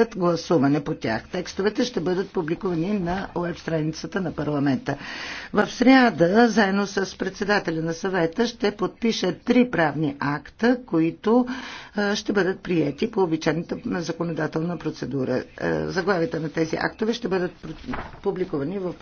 искат гласуване по тях. Текстовете ще бъдат публикувани на уеб страницата на парламента. В среда, заедно с председателя на съвета, ще подпиша три правни акта, които ще бъдат приети по обичайната законодателна процедура. Заглавите на тези актове ще бъдат публикувани в